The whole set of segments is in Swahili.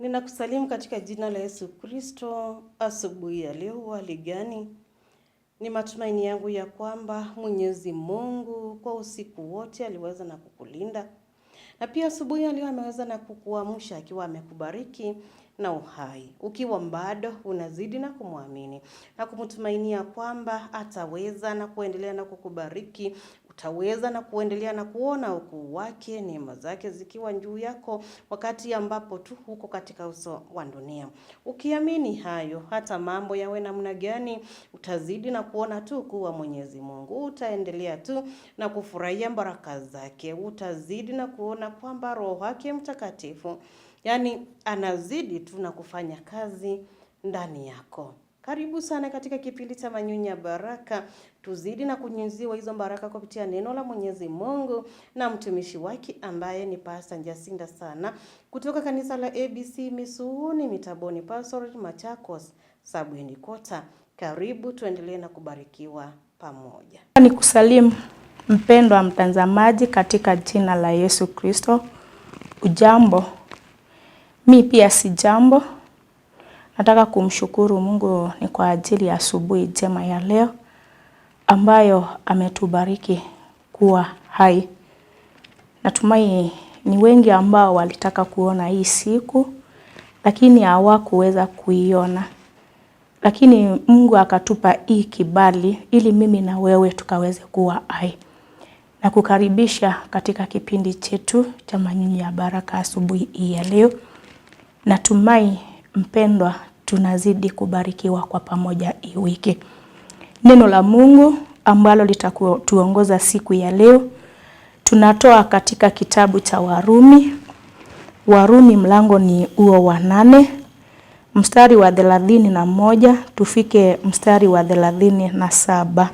Ninakusalimu katika jina la Yesu Kristo. Asubuhi ya leo hali gani? Ni matumaini yangu ya kwamba Mwenyezi Mungu kwa usiku wote aliweza na kukulinda, na pia asubuhi ya leo ameweza na kukuamsha akiwa amekubariki na uhai, ukiwa bado unazidi na kumwamini na kumtumainia kwamba ataweza na kuendelea na kukubariki utaweza na kuendelea na kuona ukuu wake, neema zake zikiwa juu yako wakati ambapo tu huko katika uso wa dunia. Ukiamini hayo, hata mambo yawe namna gani, utazidi na kuona tu kuwa Mwenyezi Mungu, utaendelea tu na kufurahia baraka zake, utazidi na kuona kwamba Roho wake Mtakatifu, yani, anazidi tu na kufanya kazi ndani yako. Karibu sana katika kipindi cha Manyunyu ya Baraka. Tuzidi na kunyunyiziwa hizo baraka kupitia neno la Mwenyezi Mungu na mtumishi wake ambaye ni Pastor Jacinta sana kutoka kanisa la ABC Misuuni Mitaboni Pastor Machakos Sabwini Kota. Karibu tuendelee na kubarikiwa pamoja. kusalimu mpendwa mtazamaji katika jina la Yesu Kristo. Ujambo? Mi pia si jambo Nataka kumshukuru Mungu ni kwa ajili ya asubuhi njema ya leo ambayo ametubariki kuwa hai. Natumai ni wengi ambao walitaka kuona hii siku lakini hawakuweza kuiona. Lakini Mungu akatupa hii kibali ili mimi na wewe tukaweze kuwa hai. Na kukaribisha katika kipindi chetu cha Manyunyu ya Baraka asubuhi hii ya leo. Natumai mpendwa, tunazidi kubarikiwa kwa pamoja hii wiki. Neno la Mungu ambalo litatuongoza siku ya leo tunatoa katika kitabu cha Warumi. Warumi mlango ni uo wa nane mstari wa thelathini na moja tufike mstari wa thelathini na saba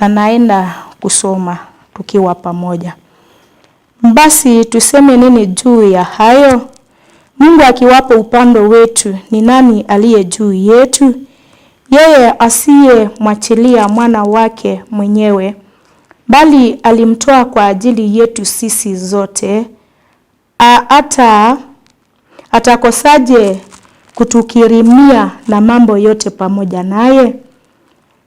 na naenda kusoma tukiwa pamoja. Basi tuseme nini juu ya hayo? Mungu akiwapo upande wetu, ni nani aliye juu yetu? Yeye asiyemwachilia mwana wake mwenyewe, bali alimtoa kwa ajili yetu sisi zote, hata atakosaje kutukirimia na mambo yote pamoja naye?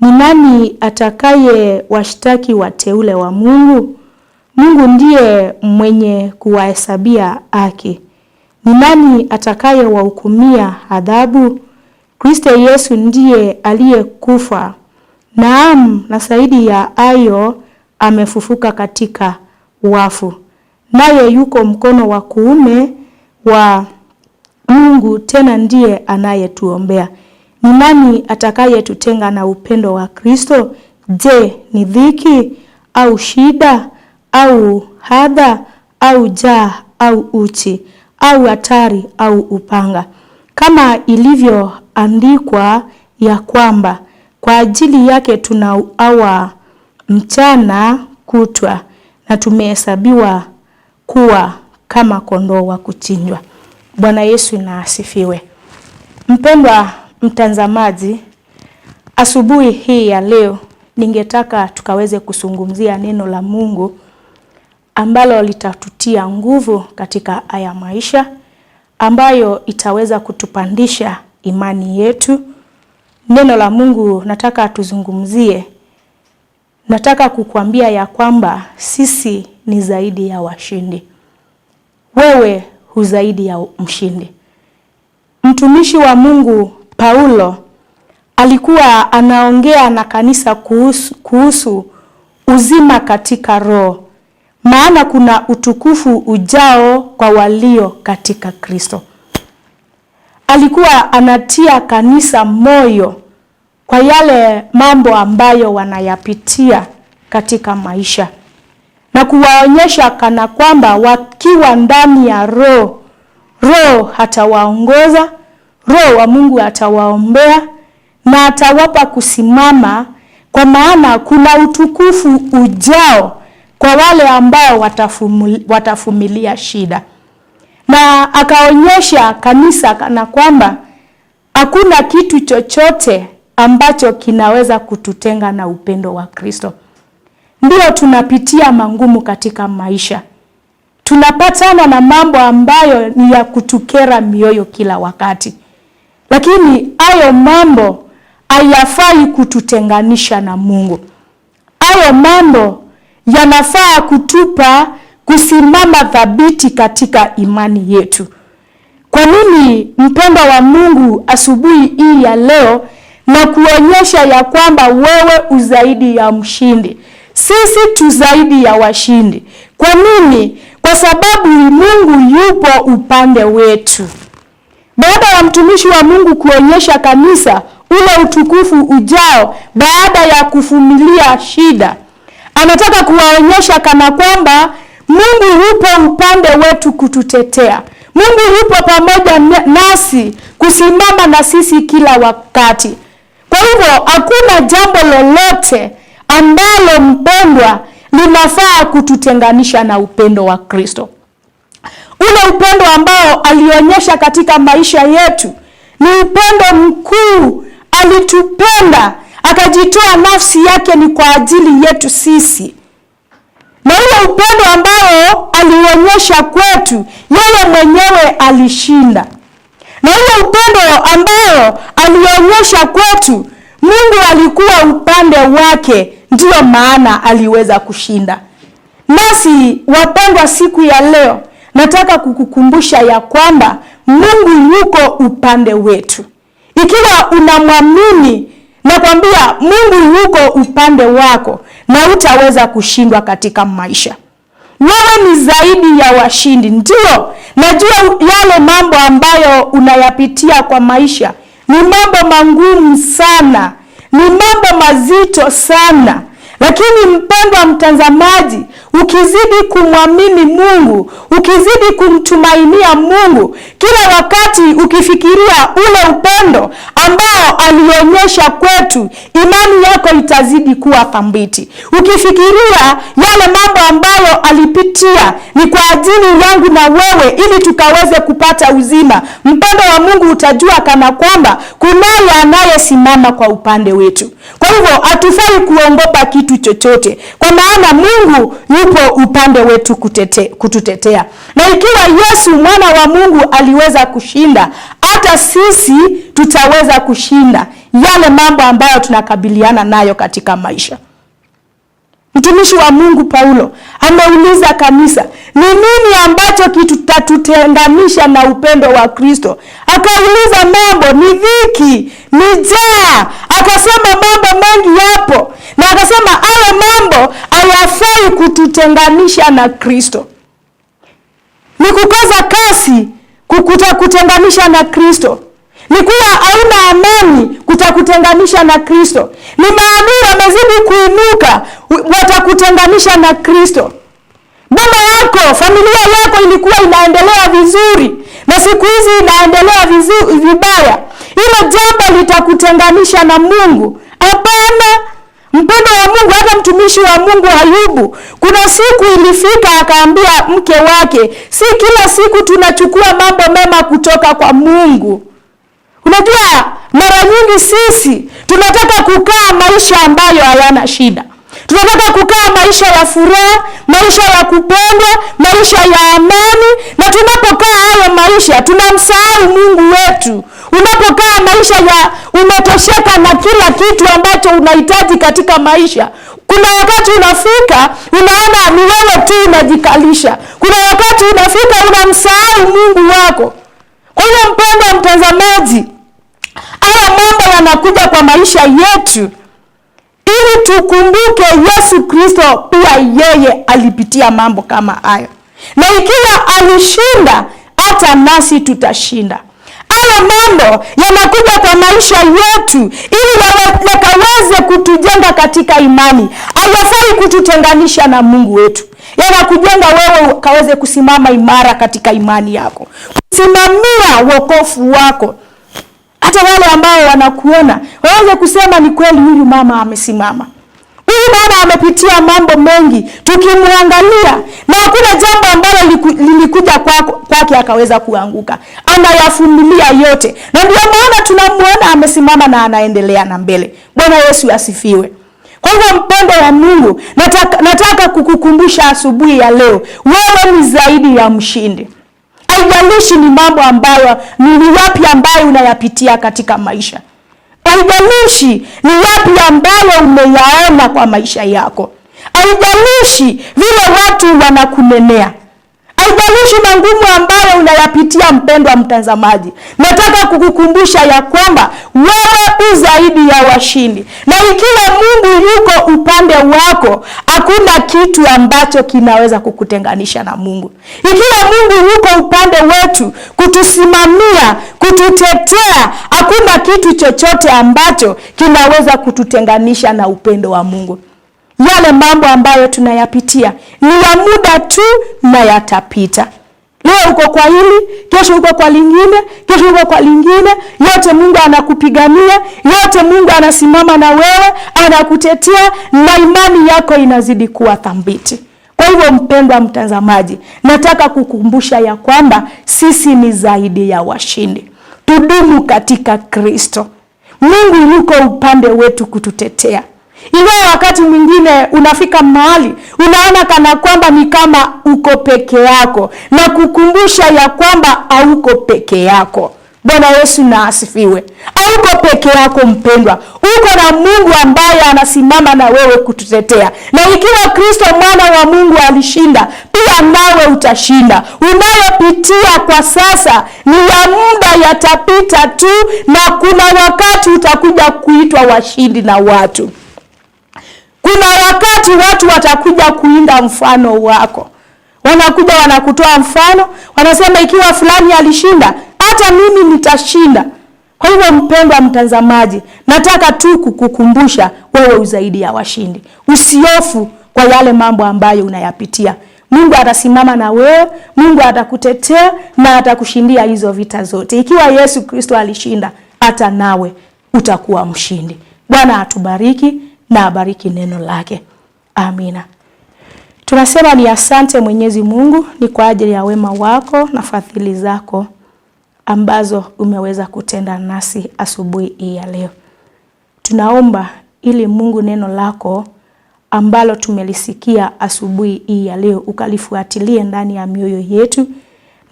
Ni nani atakaye washtaki wateule wa Mungu? Mungu ndiye mwenye kuwahesabia haki. Ni nani atakayewahukumia adhabu? Kristo Yesu ndiye aliyekufa, naam, na zaidi ya hayo amefufuka katika wafu, naye yuko mkono wa kuume wa Mungu, tena ndiye anayetuombea. Ni nani atakayetutenga na upendo wa Kristo? Je, ni dhiki au shida au hadha au jaa au uchi au hatari au upanga, kama ilivyoandikwa ya kwamba kwa ajili yake tunauawa mchana kutwa na tumehesabiwa kuwa kama kondoo wa kuchinjwa. Bwana Yesu na asifiwe. Mpendwa mtazamaji, asubuhi hii ya leo ningetaka tukaweze kuzungumzia neno la Mungu ambalo litatutia nguvu katika haya maisha, ambayo itaweza kutupandisha imani yetu. Neno la Mungu nataka tuzungumzie. Nataka kukuambia ya kwamba sisi ni zaidi ya washindi. Wewe hu zaidi ya mshindi. Mtumishi wa Mungu Paulo alikuwa anaongea na kanisa kuhusu, kuhusu uzima katika roho maana kuna utukufu ujao kwa walio katika Kristo. Alikuwa anatia kanisa moyo kwa yale mambo ambayo wanayapitia katika maisha na kuwaonyesha kana kwamba wakiwa ndani ya Roho, Roho atawaongoza, Roho wa Mungu atawaombea na atawapa kusimama, kwa maana kuna utukufu ujao kwa wale ambao watafumilia shida, na akaonyesha kanisa kana kwamba hakuna kitu chochote ambacho kinaweza kututenga na upendo wa Kristo. Ndio tunapitia mangumu katika maisha, tunapatana na mambo ambayo ni ya kutukera mioyo kila wakati, lakini hayo mambo hayafai kututenganisha na Mungu. Hayo mambo yanafaa kutupa kusimama thabiti katika imani yetu. Kwa nini mpendwa wa Mungu, asubuhi hii ya leo na kuonyesha ya kwamba wewe uzaidi ya mshindi, sisi tu zaidi ya washindi. Kwa nini? Kwa sababu Mungu yupo upande wetu. Baada ya mtumishi wa Mungu kuonyesha kanisa ule utukufu ujao baada ya kuvumilia shida anataka kuwaonyesha kana kwamba Mungu yupo upande wetu kututetea. Mungu yupo pamoja nasi kusimama na sisi kila wakati. Kwa hivyo hakuna jambo lolote ambalo mpendwa, linafaa kututenganisha na upendo wa Kristo, ule upendo ambao alionyesha katika maisha yetu. Ni upendo mkuu, alitupenda akajitoa nafsi yake ni kwa ajili yetu sisi, na ule upendo ambao alionyesha kwetu, yeye mwenyewe alishinda. Na ule upendo ambao alionyesha kwetu, Mungu alikuwa upande wake, ndiyo maana aliweza kushinda. Nasi wapendwa, siku ya leo nataka kukukumbusha ya kwamba Mungu yuko upande wetu ikiwa unamwamini Nakwambia Mungu yuko upande wako na utaweza kushindwa katika maisha. Wewe ni zaidi ya washindi. Ndio, najua yale mambo ambayo unayapitia kwa maisha ni mambo magumu sana, ni mambo mazito sana, lakini mpendwa mtazamaji, ukizidi kumwamini Mungu, ukizidi kumtumainia Mungu, kila wakati ukifikiria ule upendo ambao alionyesha kwetu, imani yako itazidi kuwa thambiti. Ukifikiria yale mambo ambayo alipitia ni kwa ajili yangu na wewe, ili tukaweze kupata uzima, mpendo wa Mungu, utajua kana kwamba kunaye anayesimama kwa upande wetu. Kwa hivyo hatufai kuongopa kitu kitu chochote, kwa maana Mungu yupo upande wetu kutete, kututetea. Na ikiwa Yesu mwana wa Mungu aliweza kushinda, hata sisi tutaweza kushinda yale mambo ambayo tunakabiliana nayo katika maisha. Mtumishi wa Mungu Paulo ameuliza kanisa, ni nini ambacho kitatutenganisha na upendo wa Kristo? Akauliza mambo ni dhiki, ni njaa, akasema mambo mengi ya kututenganisha na Kristo, ni kukosa kasi kutakutenganisha na Kristo, ni kuwa hauna amani kutakutenganisha na Kristo, ni maadui wamezidi kuinuka watakutenganisha na Kristo. Boma yako familia yako ilikuwa inaendelea vizuri na siku hizi inaendelea vizuri, vibaya. Hilo jambo litakutenganisha na Mungu. Hapana, Mpendo wa Mungu, hata mtumishi wa Mungu Ayubu, kuna siku ilifika akaambia mke wake, si kila siku tunachukua mambo mema kutoka kwa Mungu. Unajua, mara nyingi sisi tunataka kukaa maisha ambayo hayana shida. Tunataka kukaa maisha ya furaha, maisha ya kupendwa, maisha ya amani, na tunapokaa hayo maisha tunamsahau Mungu wetu. Unapokaa maisha ya umetosheka na kila kitu ambacho unahitaji katika maisha. Kuna wakati unafika unaona ni wewe tu unajikalisha. Kuna wakati unafika unamsahau Mungu wako. Kwa hiyo, mpendwa mtazamaji, haya mambo yanakuja kwa maisha yetu ili tukumbuke Yesu Kristo pia yeye alipitia mambo kama hayo, na ikiwa alishinda, hata nasi tutashinda haya mambo yanakuja kwa maisha yetu ili yakaweze kutujenga katika imani. Hayafai kututenganisha na Mungu wetu, yanakujenga wewe ukaweze kusimama imara katika imani yako, kusimamia wokofu wako hata wale ambao wanakuona waweze kusema ni kweli, huyu mama amesimama. Huyu mama amepitia mambo mengi tukimwangalia, na hakuna jambo ambalo lilikuja kwake kwa akaweza kuanguka. Anayafumilia yote, na ndio maana tunamwona amesimama na anaendelea na mbele. Bwana Yesu asifiwe. Kwa hivyo mpendo wa Mungu, nataka, nataka kukukumbusha asubuhi ya leo, wewe ni zaidi ya mshindi. Haijalishi ni mambo ambayo ni wapi ambayo unayapitia katika maisha, Haijalishi ni yapi ambayo umeyaona kwa maisha yako, haijalishi vile watu wanakunenea, haijalishi magumu ambayo unayapitia, mpendwa mtazamaji, nataka kukukumbusha ya kwamba wewe u zaidi ya washindi, na ikiwa Mungu yuko upande wako, hakuna kitu ambacho kinaweza kukutenganisha na Mungu. Ikiwa Mungu yuko upande wetu, kutusimamia, kututetea, hakuna kitu chochote ambacho kinaweza kututenganisha na upendo wa Mungu yale mambo ambayo tunayapitia ni ya muda tu na yatapita. Leo uko kwa hili, kesho uko kwa lingine, kesho uko kwa lingine. Yote Mungu anakupigania, yote Mungu anasimama na wewe, anakutetea na imani yako inazidi kuwa thabiti. Kwa hivyo, mpendwa mtazamaji, nataka kukumbusha ya kwamba sisi ni zaidi ya washindi. Tudumu katika Kristo. Mungu yuko upande wetu kututetea. Ingawa wakati mwingine unafika mahali unaona kana kwamba ni kama uko peke yako, na kukumbusha ya kwamba hauko peke yako. Bwana Yesu na asifiwe. Hauko peke yako mpendwa, uko na Mungu ambaye anasimama na wewe kututetea, na ikiwa Kristo mwana wa Mungu alishinda, pia nawe utashinda. Unayopitia kwa sasa ni ya muda, yatapita tu, na kuna wakati utakuja kuitwa washindi na watu kuna wakati watu watakuja kuinda mfano wako, wanakuja wanakutoa mfano, wanasema ikiwa fulani alishinda, hata mimi nitashinda. Kwa hivyo mpendwa mtazamaji, nataka tu kukukumbusha wewe uzaidi ya washindi. Usiofu kwa yale mambo ambayo unayapitia. Mungu atasimama na wewe, Mungu atakutetea na atakushindia hizo vita zote. Ikiwa Yesu Kristo alishinda, hata nawe utakuwa mshindi. Bwana atubariki na abariki neno lake. Amina. Tunasema ni asante Mwenyezi Mungu, ni kwa ajili ya wema wako na fadhili zako ambazo umeweza kutenda nasi asubuhi hii ya leo. Tunaomba ili Mungu neno lako ambalo tumelisikia asubuhi hii ya leo ukalifuatilie ndani ya mioyo yetu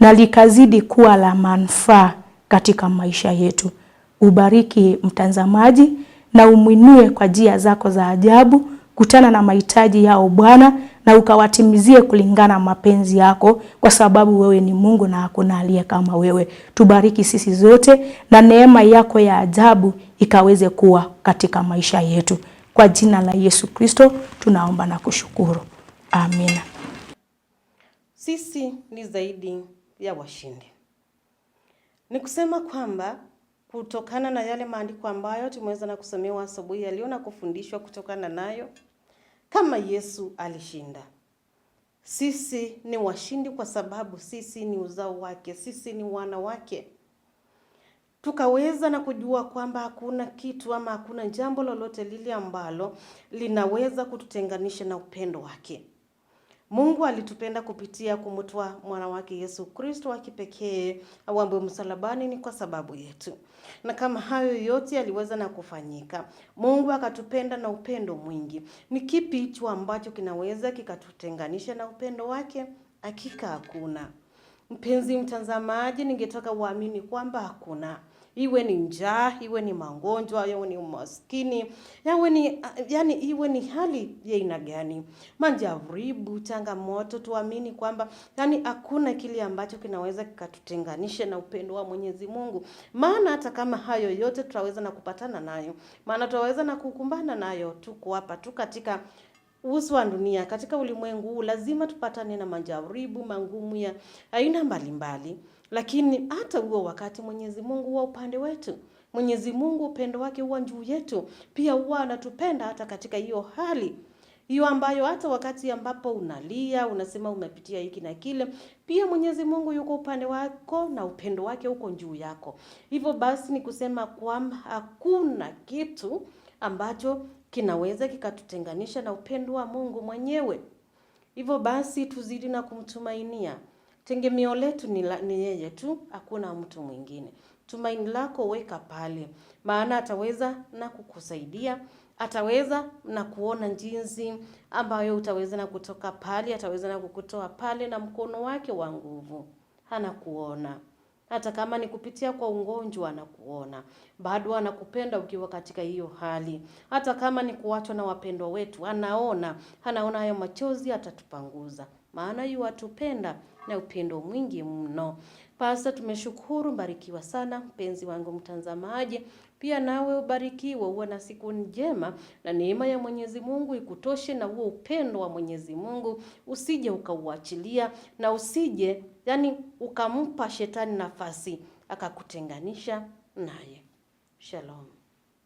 na likazidi kuwa la manufaa katika maisha yetu. Ubariki mtazamaji na umwinue kwa njia zako za ajabu. Kutana na mahitaji yao Bwana na ukawatimizie kulingana mapenzi yako, kwa sababu wewe ni Mungu na hakuna aliye kama wewe. Tubariki sisi zote na neema yako ya ajabu ikaweze kuwa katika maisha yetu, kwa jina la Yesu Kristo tunaomba na kushukuru, amina. Sisi ni zaidi ya washindi, ni kusema kwamba kutokana na yale maandiko ambayo tumeweza na kusomewa asubuhi ya leo na kufundishwa kutokana nayo. Kama Yesu alishinda, sisi ni washindi kwa sababu sisi ni uzao wake, sisi ni wana wake. Tukaweza na kujua kwamba hakuna kitu ama hakuna jambo lolote lile ambalo linaweza kututenganisha na upendo wake. Mungu alitupenda kupitia kumtoa mwana wake Yesu Kristo wa kipekee auambwe msalabani ni kwa sababu yetu. Na kama hayo yote yaliweza na kufanyika, Mungu akatupenda na upendo mwingi. Ni kipi hicho ambacho kinaweza kikatutenganisha na upendo wake? Hakika hakuna. Mpenzi mtazamaji, ningetaka uamini kwamba hakuna iwe ni njaa, iwe ni magonjwa, iwe ni umaskini, yawe ni yani, iwe ni hali ya aina gani, majaribu, changamoto, tuamini kwamba yani hakuna kile ambacho kinaweza kikatutenganisha na upendo wa Mwenyezi Mungu, maana hata kama hayo yote tutaweza na kupatana nayo, maana tutaweza na kukumbana nayo, tuko hapa tu katika uso wa dunia katika ulimwengu huu, lazima tupatane na majaribu magumu ya aina mbalimbali. Lakini hata huo wakati Mwenyezi Mungu huwa upande wetu. Mwenyezi Mungu upendo wake huwa juu yetu, pia huwa anatupenda hata katika hiyo hali hiyo ambayo hata wakati ambapo unalia unasema umepitia hiki na kile, pia Mwenyezi Mungu yuko upande wako na upendo wake uko juu yako. Hivyo basi ni kusema kwamba hakuna kitu ambacho kinaweza kikatutenganisha na upendo wa Mungu mwenyewe. Hivyo basi tuzidi na kumtumainia tengemeo letu ni, ni yeye tu, hakuna mtu mwingine. Tumaini lako weka pale, maana ataweza na kukusaidia, ataweza na kuona jinsi ambayo utaweza na kutoka pale, ataweza na kukutoa pale, na mkono wake wa nguvu anakuona hata kama ni kupitia kwa ugonjwa anakuona, bado anakupenda ukiwa katika hiyo hali. Hata kama ni kuachwa na wapendwa wetu, anaona, anaona hayo machozi, atatupanguza maana yuwatupenda na upendo mwingi mno. Pasta, tumeshukuru, mbarikiwa sana mpenzi wangu mtazamaji, pia nawe ubarikiwe, uwe na siku njema na neema ya Mwenyezi Mungu ikutoshe, na huo upendo wa Mwenyezi Mungu usije ukauachilia na usije yani ukampa shetani nafasi akakutenganisha naye. Shalom.